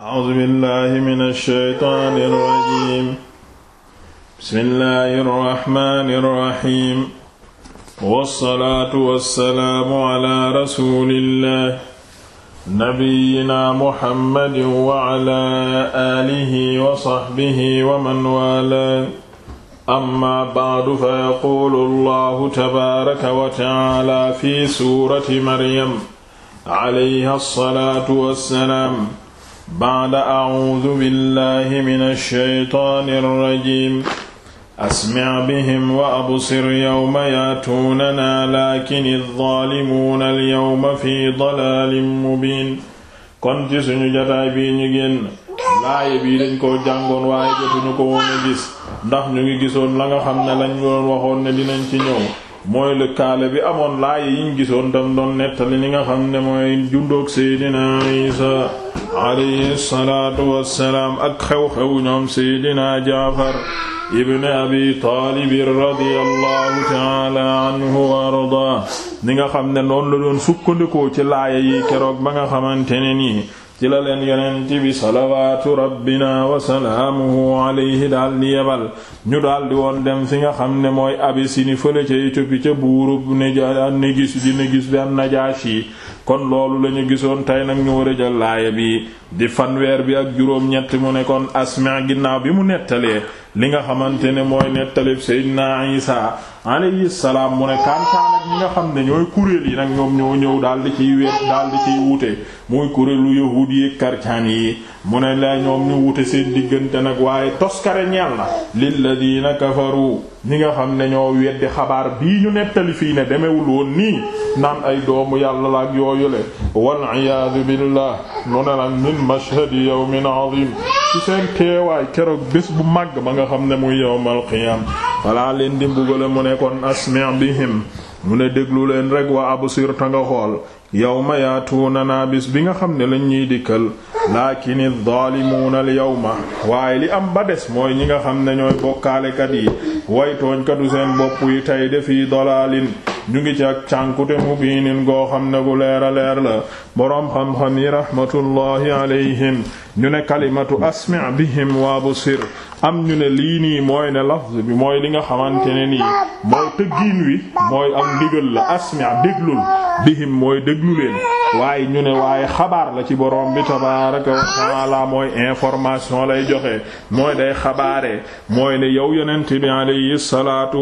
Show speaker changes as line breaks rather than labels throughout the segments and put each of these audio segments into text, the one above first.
A'uuzu billaahi mina shaytaani rajiim. Bismillaahi rahmaani rahiim. Wassalaatu wassalaamu alaa rasuulillaahi nabiyyinaa Muhammadin wa alaa aalihi wa sahbihi wa man waalaahu. Ammaa ba'du fa yaquulu Allaahu tabaaraka wa ta'aalaa fi suurati Maryam alayhaa salaatu wassalaam. ba'da a'uudu billahi mina shaytaani rajiim asmi' bihim wa absir yawma yaatuunanaa laakini adh-dhaalimuuna al-yawma fii mubiin kon ci suñu jotaay bii ñu génn laaye bii dañ koo jàngoon waaye jotuñu ko ndax ñu ngi gisoon la nga xam ne lañ waxoon ne dinañ ci ñëw mooy lëkkaale bi amoon laaye yiñ gisoon tam doon nettali li nga xam ne mooy jundoog Seydina Isaa alayhi salaatu wassalaam ak xew-xew ñoom seydina jaafar ibn abi taalib radiyallahu taala anhu wa ardaa ni nga xam ne noonu la doon sukkandikoo ci laaya yi keroog ba nga xamante ne nii ci la leen yeneen bi salawaatu rabbina wa salaamuhu alayhi daal di yebal ñu daal di woon dem fi nga xam ne mooy Abisini fële ca Éthiopie ca buurub Négis di Négis bi am Najaashi kon loolu lañu gisoon tey nag ñu war a jël laaya bi di fanweer bi ak juróom-ñett mu nekkoon kon ginnaaw bi mu nettalee li nga xamante ne mooy nettalib Seydina Isa alayhi salaam mu ne kantaan ak ñi nga xam ne ñooy kuréel yi nag ñoom ñoo ñëw daal di ciy wéet daal di ciy wuute mooy kuréelu yahuud yi karcaan yi mu ne la ñoom ñu wute seen diggante nag waaye toskare ñeel na lilladiina kafaru ñi nga xam ne ñoo weddi xabaar bii ñu nettali fii ne demewul woon nii naan ay doomu yàlla la ak yooyule wal iyaadu billah nu ne nag min mashhadi yawmin azim ci seen teewaay keroog bés bu màgg ba nga xam ne muy yawmal qiyaam walaa leen di mbugale mu ne kon asmi' bihim mu ne déglu leen rek wa absir ta nga xool yawma yaatuunanaa bis bi nga xam ne lañ ñuy dikkal laakini adh-dhalimuuna al-yawma waaye li am ba des mooy ñi nga xam ne ñooy bokkaalekat yi way tooñkatu seen bopp yi tey de fii ñu ngi ci ak cànkute mu biinin goo xam ne gu leer leer la boroom xam-xam yi rahmatullahi alayhim ñu ne kalimatu asmi' bihim wa basir am ñu ne lii nii mooy ne lafz bi mooy li nga xamante ne nii mooy tëggiin wi mooy am ndigal la asmi' déglul bihim mooy déglu leen waaye ñu ne waaye xabaar la ci borom bi tabaaraka wa taala mooy information lay joxe mooy day xabaare mooy ne yow yonent bi alayhi salaatu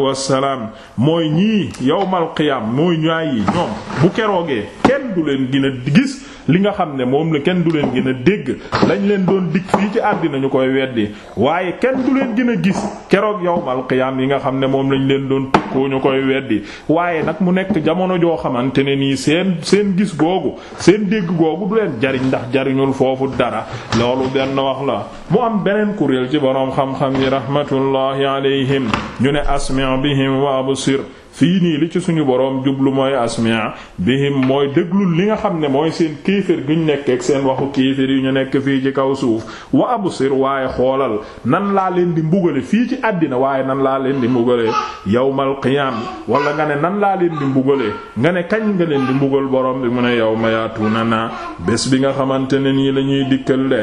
mooy ñii yawmal qiyaam mooy ñaay yi ñoom bu keroogee kenn du leen gën gis li nga xam ne moom la kenn du leen gën a dégg lañ leen doon dig fii ci àddina ñu koy weddi waaye kenn du leen gën a gis keroog yawmal qiyaam yi nga xam ne moom lañ leen doon tukkoo ñu koy weddi waaye nag mu nekk jamono joo xamante ne nii seen seen gis googu seen dégg googu du leen jariñ ndax jariñul foofu dara loolu benn wax la mu am beneen kuréel ci boroom xam-xam yi rahmatullahi alayhim ñu ne asmi' bihim wa absir fii nii li ci suñu boroom jublu mooy asmia bihim mooy déglul li nga xam ne mooy seen kéefér guñ nekk ak seen waxu kéefér yu ñu nekk fii ci kaw suuf wa absir waaye xoolal nan laa leen di mbugale fii ci àddina waaye nan laa leen di mbugale yawmal qiyaam wala nga ne nan laa leen di mbugale nga ne kañ nga leen di mbugal boroom bi mu ne yawma yaatuna na naa bés bi nga xamante ne nii la ñuy dikkal de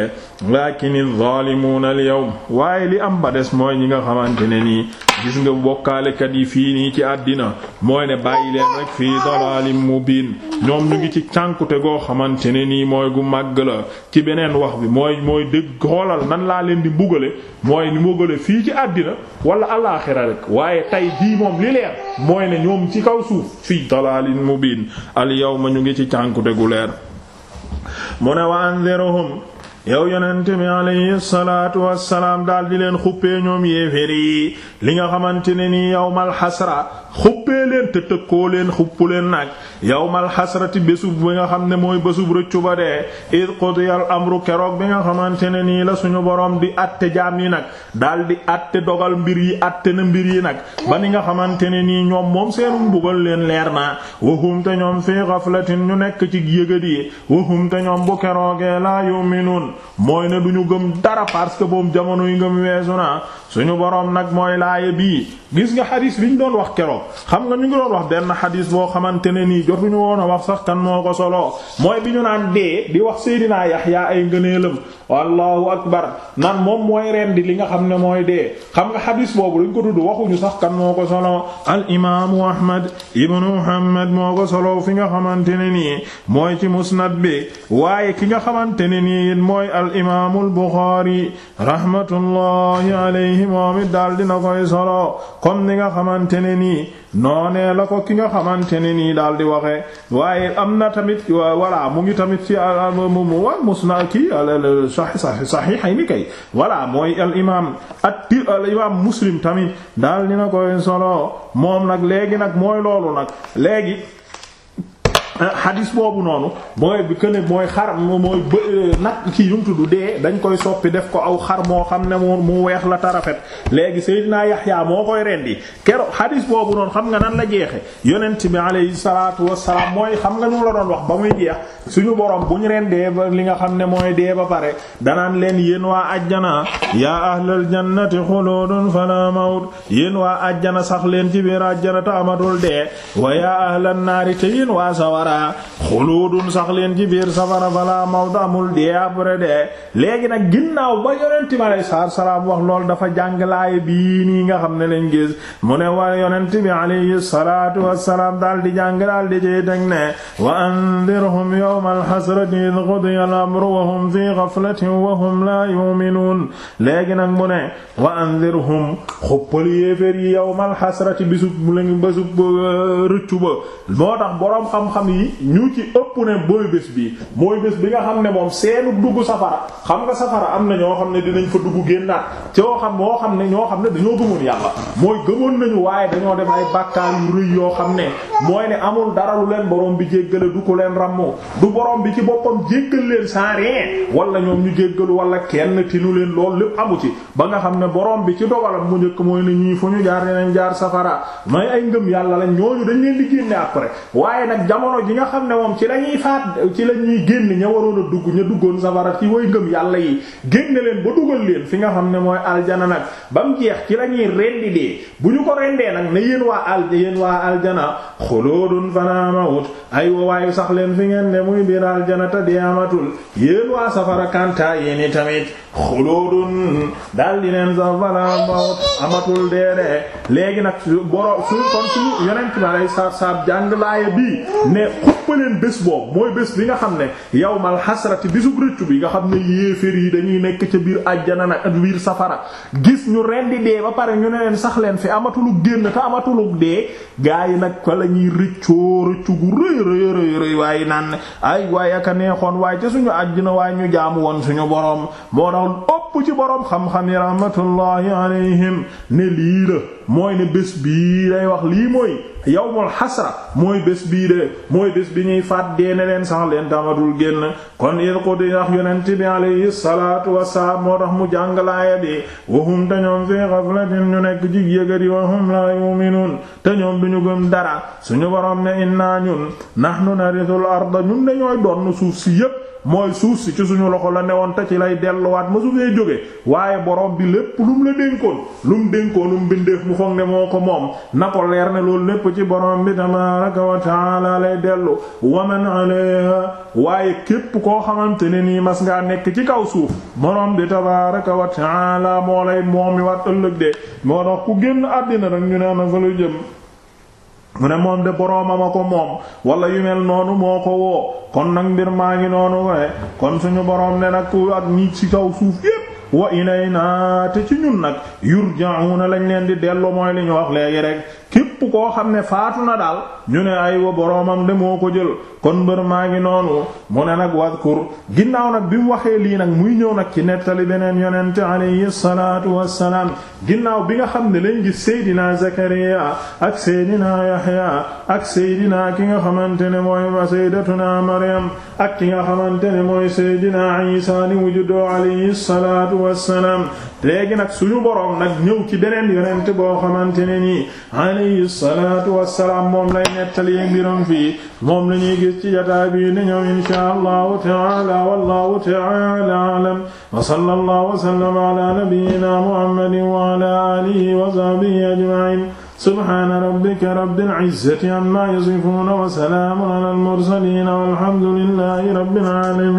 laakini zaalimuuna al yawm waaye li am ba mooy nga xamante ne nii gis nga bokkaalekat yi fii nii ci àddina mooy ne bàyyi leen rek fii dalaalim biin ñoom ñu ngi ci cànkute goo xamante ne nii mooy gu màgg la ci beneen wax bi mooy mooy dëgg xoolal nan laa leen di mbugale mooy ni mbugale fii ci àddina wala alaaxira rek waaye tey jii moom li leer mooy ne ñoom ci kaw suuf fii dalaalin biin al ma ñu ngi ci cànkute gu leer mu ne wa anzirhum yow yonent bi alayhi salaatu wassalaam daal di leen xuppee ñoom yéeféer yi li nga xamante ne nii yawmal hasra xuppee dee leen te tëkkoo leen xuppu leen nag yawmal xasrati bésub bi nga xam ne mooy bésub rëccu ba dee id qudiyal amru keroog bi nga xamante ne nii la suñu borom di atte jaam yi nag daal di atte dogal mbir yi atte na mbir yi nag ba ni nga xamante ne nii ñoom moom seenu mbugal leen leer na wahum te ñoom fii ghaflatin ñu nekk ci yëgadi yi te ñoom bu keroogee laa yu'minun mooy ne duñu gëm dara parce que boom jamono yi ngëm weesu na suñu boroom nag mooy laaye bii gis nga xadiis liñ doon wax keroog nga ñu ngi doon boo xamante ne nii jotuñu woon a wax moo ko soloo mooy bi ñu naan dee di wax Seydina Yaxya ay ngëneelam allahu akbar nan moom mooy rendi li nga xam ne mooy dee xam nga xadiis boobu dañ ko tudd waxuñu sax kan moo ko solo al imaamu Ahmad ibnu Muhammad moo ko solo fi nga xamante ne nii mooy ci musnad bi waaye ki nga xamante ne nii it mooy al imaamu al Buxaari rahmatullahi alayhi moom it daal dina koy soloo comme ni nga xamante ne nii noonee la ko ki nga xamante ne nii daal di waxee waaye am na tamit voilà mu ngi tamit ci ah, ah, mu wa musna ki ah, saxiixayni kay voilà mooy al imaam at al imaam muslim tamit daal dina koy solo moom nag léegi nag mooy loolu nag léegi xadis boobu noonu mooy bi que ne mooy xar mooy bë euh, nag ci yumtu dee dañ koy soppi def ko aw xar moo xam ne mu mu weex la tarafet léegi Seydina Yaxya moo koy rendi kero xadis boobu noonu xam nga nan la jeexe yonent bi alayhi salaatu wassalaam mooy xam nga ñu la doon wax ba muy jeex suñu boroom bu ñu rendee ba li nga xam ne mooy dee ba pare danaan leen yéen waa ajjana yaa ahlal jannati xuluudun fala mawt yéen waa ajjana sax leen ci biir ajjana ta amatul dee wa yaa ahlan naari te yéen waa sawar safara xuluudun sax leen ci biir safara balaa mawta amul dee après de léegi nag ginnaaw ba yonenti ma lay saar salaam wax lool dafa jàng laay bii nii nga xam ne lañ gis mu ne war yonenti bi alayhi salaatu wassalaam daal di jàng daal di ci teg ne wa andirhum yawmal hasrati idh qudiya al-amru wa hum fi ghaflatin wa hum laa yu'minuun léegi nag mu ne wa andirhum xuppal yéeféer yi yawmal hasrati bisub lañu bësub rëccu ba moo tax boroom xam-xam yi ñu ci ëpp ne booy bés bii mooy bés bi nga xam ne moom seenu dugg safara xam nga safara am na ñoo xam ne dinañ fa dugg génnaat ci yoo xam moo xam ne ñoo xam ne dañoo gëmoon yàlla mooy gëmoon nañu waaye dañoo def ay bàkkaar yu rëy yoo xam ne mooy ne amul dara lu leen borom bi jéggale du ko leen rammoo du borom bi ci boppam jéggal leen sans rien wala ñoom ñu jéggalu wala kenn tinu leen loolu lépp amu ci ba nga xam ne borom bi ci dogalam mu njëkk mooy ne ñii fu ñu jaar dinañ jaar safara mooy ngëm yàlla lañ ñooñu dañ leen di ji nga xam ne moom ci lañuy faat ci la ñuy génn ña waroon a dugg ña duggoon safara ci way ngëm yàlla yi génn leen ba dugal leen fi nga xam ne mooy aljana nag ba mu jeex ci lañuy rendi dee bu ñu ko rendee nag ne yéen waa al yéen waa aljana xoloodun fanamawut ay wawaayu sax leen fi ngeen ne muy biir aljana te dee amatul yéen waa safara kanta yéen tamit xoloodun daal di leen sax fanamawut amatul dee dee léegi nag boro su kon su yonent ma lay saab saab jàng laaya xuppaleen bés boobu mooy bés bi nga xam ne yawmal xasrati bisub rëccu bi nga xam ne yéefér yi dañuy nekk ca biir àjjana nag ak biir safara gis ñu rendi dee ba pare ñu ne leen sax leen fi amatulu génn te amatulu dee gaa yi nag fa la ñuy rëccoo rëccu gu rëy rëy rëy waaye naan ay waaye aka neexoon waaye ca suñu àjjana waaye ñu jaamu woon suñu boroom moo tax ëpp ci boroom xam-xam yi rahmatullahi alayhim ne lii la mooy ne bés bii day wax lii mooy yawmul xasra mooy bés bii de mooy bés bi ñuy faat deene leen sax leen tamatul génn kon il ko di wax yonent bi alayhi salaatu wassalaam moo tax mu jàng laaya bi wahum te ñoom fii ghaflatin ñu nekk jig yëgëri wahum la yu'minun te ñoom du ñu gëm dara suñu borom ne inna ñun nahnu narithul arda ñun dañooy doon suuf si yépp mooy suuf si ci suñu loxo la newoon te ci lay delluwaat ma su fee jóge waaye boroom bi lépp lu la dénkoon lu mu dénkoonum mbindeef mu foog ne moo ko moom na ko leer ne loolu lépp ci borom bi tabaaraka wa taala lay dellu waman alayha waaye képp koo xamante ne nii mas ngaa nekk ci kaw suuf borom bi tabaaraka wa taala moo lay moomi waat ëllëg de moo tax ku génn àddina rek ñu ne ana fa lu jëm mu ne moom de boroomam a ko moom wala yu mel noonu moo ko woo kon nag mbir maa ngi noonu ne kon suñu boroom ne nag ku ak ñi ci kaw suuf yépp wa ilayna te ci ñun nag yurja'una lañ leen di dellu mooy li ñu wax léegi rek képp koo xam ne faatu na daal ñu ne ay wa boroomam de moo ko jël kon mbër maa ngi noonu mu ne nag wadkur ginnaaw nag bi mu waxee lii nag muy ñëw nag ci nettali beneen yonente alayhi salaatu wassalaam ginnaaw bi nga xam ne lañ gis seydinaa Zakariya ak seydinaa Yahya ak seydinaa ki nga xamante ne mooy wa sayyidatuna Maryam ak ki nga xamante ne mooy seydinaa Isa ni wujudoo alayhi salaatu wassalaam léegi nag suñu boroom nag ñëw ci beneen yonent boo xamante ne nii alayhi salaatu wassalaam moom lay nettali mbiram fii moom la ñuy gis ci jataa bi ni ñëw inshaa allahu taala wallahu taala alam wa sallallahu wa sallama ala nabiyyina muhammadin wa ala alihi wa sahbihi ajma'in subhana rabbika rabbil izzati amma yasifun wa salaamun ala al mursalin walhamdulillahi rabbil alamin